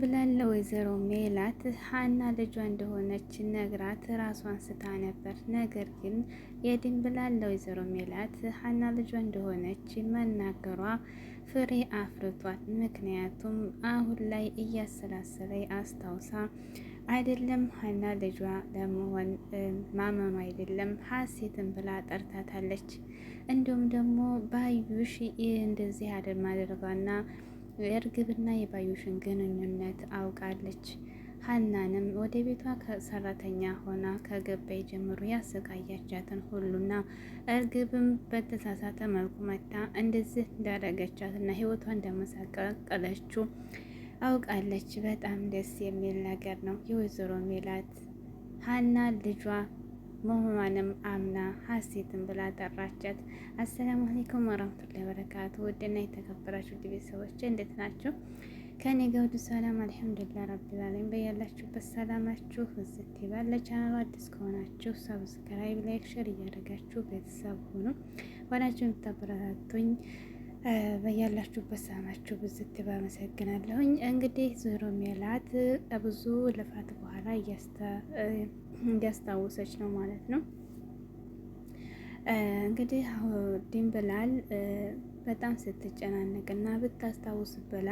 ብለን ወይዘሮ ሜላት ሀና ልጇ እንደሆነች ነግራት ራሷን ስታ ነበር። ነገር ግን የድን የድንብላል ወይዘሮ ሜላት ሀና ልጇ እንደሆነች መናገሯ ፍሬ አፍርቷል። ምክንያቱም አሁን ላይ እያሰላሰለ አስታውሳ አይደለም ሀና ልጇ ለመሆን ማመም አይደለም ሀሴትን ብላ ጠርታታለች። እንዲሁም ደግሞ ባዩሽ እንደዚህ አደር ማድረጓና የእርግብና የባዩሽን ግንኙነት አውቃለች። ሀናንም ወደ ቤቷ ከሰራተኛ ሆና ከገባይ ጀምሮ ያሰቃያቻትን ሁሉና እርግብም በተሳሳተ መልኩ መታ እንደዚህ እንዳደረገቻትና ህይወቷ እንደመሳቀቀለችው አውቃለች። በጣም ደስ የሚል ነገር ነው የወይዘሮ ሜላት ሀና ልጇ መሆኗንም አምና ሀሴትን ብላ ጠራቻት። አሰላሙ አለይኩም ወራህመቱላሂ ወበረካቱ። ውድና የተከበራችሁ ውድ ቤተሰቦች እንዴት ናችሁ? ከኔ ጋር ሁሉ ሰላም አልሐምዱሊላህ ረቢል ዓለሚን። በያላችሁበት ሰላማችሁ ፍዝት ይበል። ለቻናሉ አዲስ ከሆናችሁ ሰብስክራይብ፣ ላይክ፣ ሼር እያደረጋችሁ ቤተሰብ ሁኑ። ሆናችሁ የምታበረታቱኝ በያላችሁበት ሰላማችሁ ብዝት ይበል። አመሰግናለሁኝ። እንግዲህ ዞሮ ሜላት ብዙ ልፋት በኋላ እያስተ እንዲያስታውሰች ነው ማለት ነው። እንግዲህ ድንብላል በጣም ስትጨናነቅ እና ብታስታውስ ብላ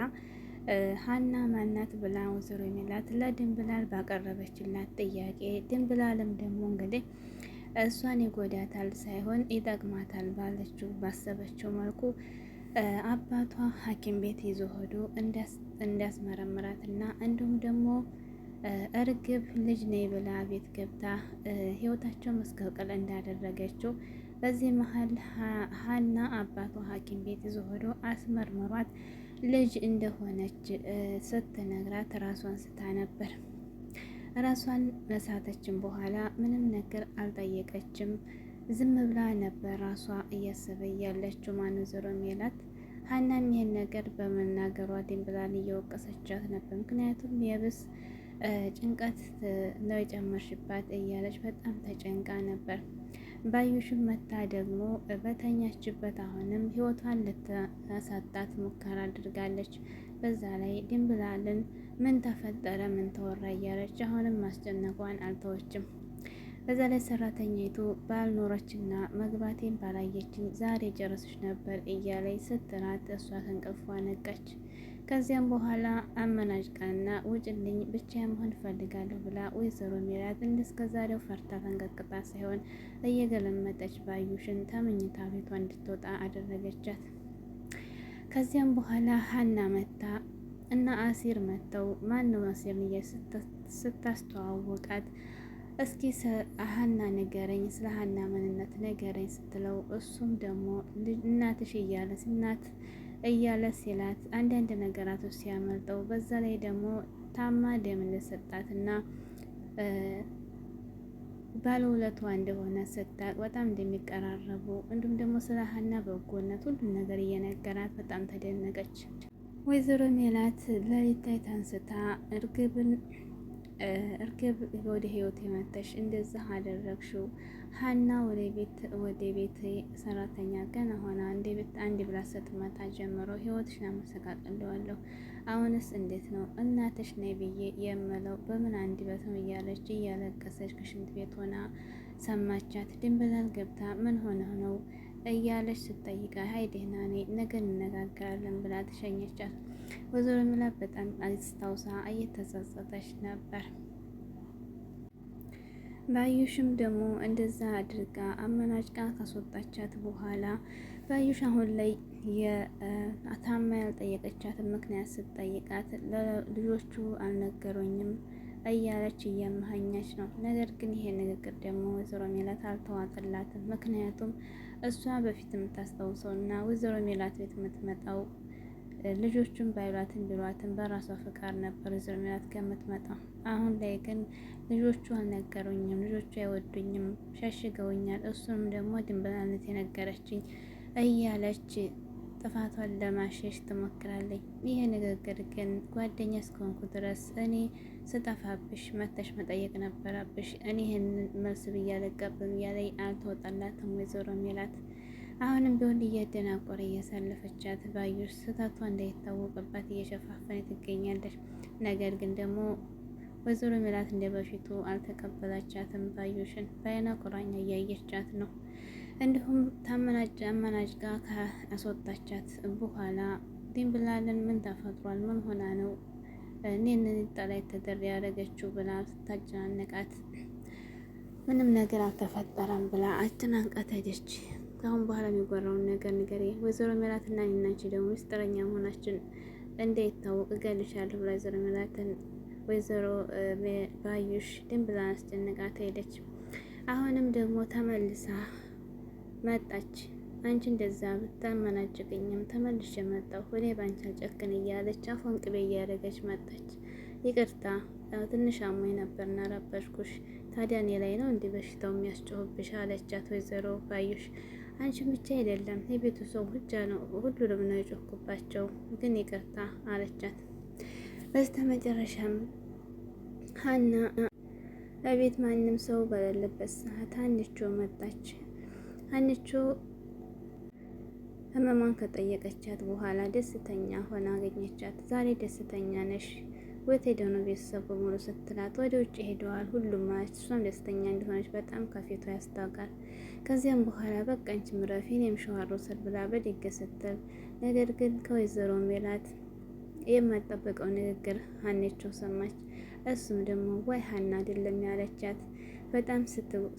ሀና ማናት ብላ ወይዘሮ የሚላት ለድንብላል ባቀረበችላት ጥያቄ ድንብላልም ደግሞ እንግዲህ እሷን ይጎዳታል ሳይሆን ይጠቅማታል ባለችው ባሰበችው መልኩ አባቷ ሐኪም ቤት ይዞ ሄዶ እንዲያስመረምራት እና እንዲሁም ደግሞ እርግብ ልጅ ነይ ብላ ቤት ገብታ ህይወታቸው መስቀልቀል እንዳደረገችው በዚህ መሀል ሀና አባቷ ሐኪም ቤት ይዞ አስመርምሯት ልጅ እንደሆነች ስትነግራት ራሷን ስታ ነበር። ራሷን መሳተችም በኋላ ምንም ነገር አልጠየቀችም። ዝም ብላ ነበር ራሷ እያሰበ ያለችው። ማን ዞሮ ሜላት ሀናም ይህን ነገር በመናገሯ ድንብላን እየወቀሰቻት ነበር። ምክንያቱም የብስ ጭንቀት ነው የጨመርሽባት እያለች በጣም ተጨንቃ ነበር። ባዩሽም መታ ደግሞ በተኛችበት አሁንም ህይወቷን ልታሳጣት ሙከራ አድርጋለች። በዛ ላይ ድንብላልን ምን ተፈጠረ፣ ምን ተወራ እያለች አሁንም ማስጨነቋን አልተወችም። በዛ ላይ ሰራተኛይቱ ባልኖረችና መግባቴን ባላየችኝ ዛሬ ጨረሰች ነበር እያለች ስትራት እሷ ከእንቅልፏ ነቀች። ከዚያም በኋላ አመናጭቃና ውጭልኝ ብቻ መሆን እፈልጋለሁ ብላ ወይዘሮ ሜላት እንደስከዛሬው ፈርታ ተንቀጥቅጣ ሳይሆን እየገለመጠች ባዩሽን ተመኝታ ቤቷ እንድትወጣ አደረገቻት። ከዚያም በኋላ ሀና መታ እና አሲር መጥተው ማነው አሲር ስታስተዋወቃት እስኪ ሀና ነገረኝ፣ ስለ ሀና ምንነት ነገረኝ ስትለው እሱም ደግሞ እናትሽ እያለ እናት እያለ ሲላት አንዳንድ ነገራቶች ሲያመልጠው በዛ ላይ ደግሞ ታማ ደም እንደሰጣትና ባለውለቷ እንደሆነ ስታቅ በጣም እንደሚቀራረቡ እንዲሁም ደግሞ ስለ ሀና በጎነት ሁሉም ነገር እየነገራት በጣም ተደነቀች። ወይዘሮ ሜላት ለሊት ታይታ እርግብን እርግብ ወደ ህይወት የመተሽ እንደዛ አደረግሽው። ሀና ወደ ቤት ወደ ቤት ሰራተኛ ገና ሆና አንድ ቤት አንድ ብላ ስትመጣ ጀምሮ ህይወትሽን አመሰቃቅለዋለሁ። አሁንስ እንዴት ነው እናትሽ ነይ ብዬ የምለው በምን አንድ በት ነው እያለች እያለቀሰች ከሽንት ቤት ሆና ሰማቻት። ድንብላል ገብታ ምን ሆነ ነው እያለች ስትጠይቃ ሀይ ደህና ነኝ ነገ እንነጋገራለን ብላ ተሸኘቻት። ወይዘሮ ሜላት በጣም አስታውሳ እየተጸጸተች ነበር። ባዩሽም ደግሞ እንደዛ አድርጋ አመናጭቃ ካስወጣቻት በኋላ ባዩሽ አሁን ላይ የታማ ያልጠየቀቻት ምክንያት ስትጠይቃት ልጆቹ አልነገሩኝም እያለች እያመሀኛች ነው። ነገር ግን ይሄ ንግግር ደግሞ ወይዘሮ ሜላት አልተዋጠላትም። ምክንያቱም እሷ በፊት የምታስታውሰው እና ወይዘሮ ሜላት ቤት የምትመጣው ልጆቹን ባይሏትን ቢሏትን በራሷ ፍቃድ ነበር ወይዘሮ ሜላት ከምትመጣው። አሁን ላይ ግን ልጆቹ አልነገሩኝም፣ ልጆቹ አይወዱኝም፣ ሸሽገውኛል፣ እሱንም ደግሞ ድንበላነት የነገረችኝ እያለች ጥፋቷን ለማሸሽ ትሞክራለች። ይህ ንግግር ግን ጓደኛ እስከሆንኩ ድረስ እኔ ስጠፋብሽ መተሽ መጠየቅ ነበረብሽ። እኔ ይህንን መልስ ብያለቀብም ያለይ አልተወጣላትም ወይዘሮ ሜላት አሁንም ቢሆን እያደናቆረ እያሳለፈቻት ባዩሽ ስህተቷ እንዳይታወቅባት እየሸፋፈነ ትገኛለች። ነገር ግን ደግሞ ወይዘሮ ሜላት እንደ በፊቱ አልተቀበላቻትም። ባዩሽን በአይነ ቁራኛ እያየቻት ነው። እንዲሁም ታመናጅ ጋር ካስወጣቻት በኋላ ብላለን ምን ተፈጥሯል? ምን ሆና ነው እኔን ንጣ ላይ ተደር ያደረገችው ብላ ስታጨናነቃት ምንም ነገር አልተፈጠረም ብላ አጨናንቃት ሄደች። ከአሁን በኋላ የሚወራውን ነገር ንገሪ፣ ወይዘሮ ሜላት እና እኔና ደግሞ ምስጢረኛ መሆናችን እንዳይታወቅ እገልሻለሁ ብላ ወይዘሮ ሜላትን ወይዘሮ ባዩሽ ድንብላ አስጨንቃት ሄደች። አሁንም ደግሞ ተመልሳ መጣች። አንቺ እንደዛ ብታመናጭቅኝም ተመልሼ መጣሁ እኔ ባንቺ አልጨክን እያለች አፏን ቅቤ እያደረገች መጣች። ይቅርታ ትንሽ አሞኝ ነበርና ረበሽኩሽ። ታዲያ እኔ ላይ ነው እንዲህ በሽታው የሚያስጮህብሽ አለቻት ወይዘሮ ባዩሽ። አንቺ ብቻ አይደለም የቤቱ ሰው ሁጃ ነው ሁሉንም ነው የጮኩባቸው፣ ግን ይቅርታ አለቻት። በስተ መጨረሻም ሀና እቤት ማንም ሰው በሌለበት ሰዓት አንቺው መጣች። ሀኒቾ ህመማን ከጠየቀቻት በኋላ ደስተኛ ሆና አገኘቻት። ዛሬ ደስተኛ ነሽ? ወት ሄደው ቤተሰብ በሙሉ ስትላት ወደ ውጭ ሄደዋል ሁሉም ማለች። እሷም ደስተኛ እንደሆነች በጣም ከፊቷ ያስታውቃል። ከዚያም በኋላ በቃ አንቺ ምረፊ እኔም ሸዋር ውሰድ ብላ በደገ ስትል፣ ነገር ግን ከወይዘሮ ሜላት የማጠበቀው ንግግር ሀኒቾ ሰማች። እሱም ደግሞ ወይ ሀና አይደለም ያለቻት በጣም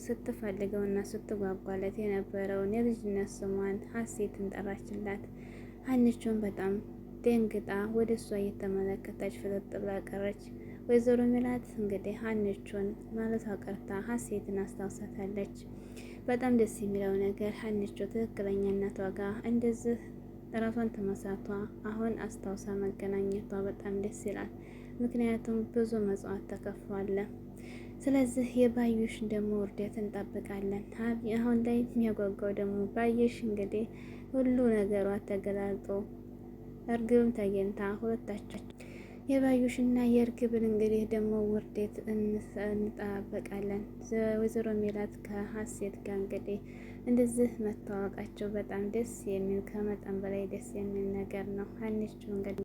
ስትፈልገው እና ስትጓጓለት የነበረውን የልጅነት ስሟን ሀሴትን ጠራችላት። ሀኒቾን በጣም ደንግጣ ወደ እሷ እየተመለከተች ፍጥጥ ብላ ቀረች። ወይዘሮ ሚላት እንግዲህ ሀኒቾን ማለቷ ቀርታ ሀሴትን አስታውሳታለች። በጣም ደስ የሚለው ነገር ሀኒቾ ትክክለኛነቷ እናቷ ጋር እንደዚህ ራሷን ተመሳቷ አሁን አስታውሳ መገናኘቷ በጣም ደስ ይላል። ምክንያቱም ብዙ መጽዋት ተከፍሏል። ስለዚህ የባዩሽን ደግሞ ውርደት እንጠብቃለን። አሁን ላይ የሚያጓጓው ደግሞ ባዩሽ እንግዲህ ሁሉ ነገሯ ተገላልጦ እርግብም ተገኝታ ሁለታቸው እና የእርግብን እንግዲህ ደግሞ ውርደት እንጠብቃለን። ወይዘሮ ሜላት ከሀሴት ጋር እንግዲህ እንደዚህ መተዋወቃቸው በጣም ደስ የሚል ከመጠን በላይ ደስ የሚል ነገር ነው። አንቺው እንግዲህ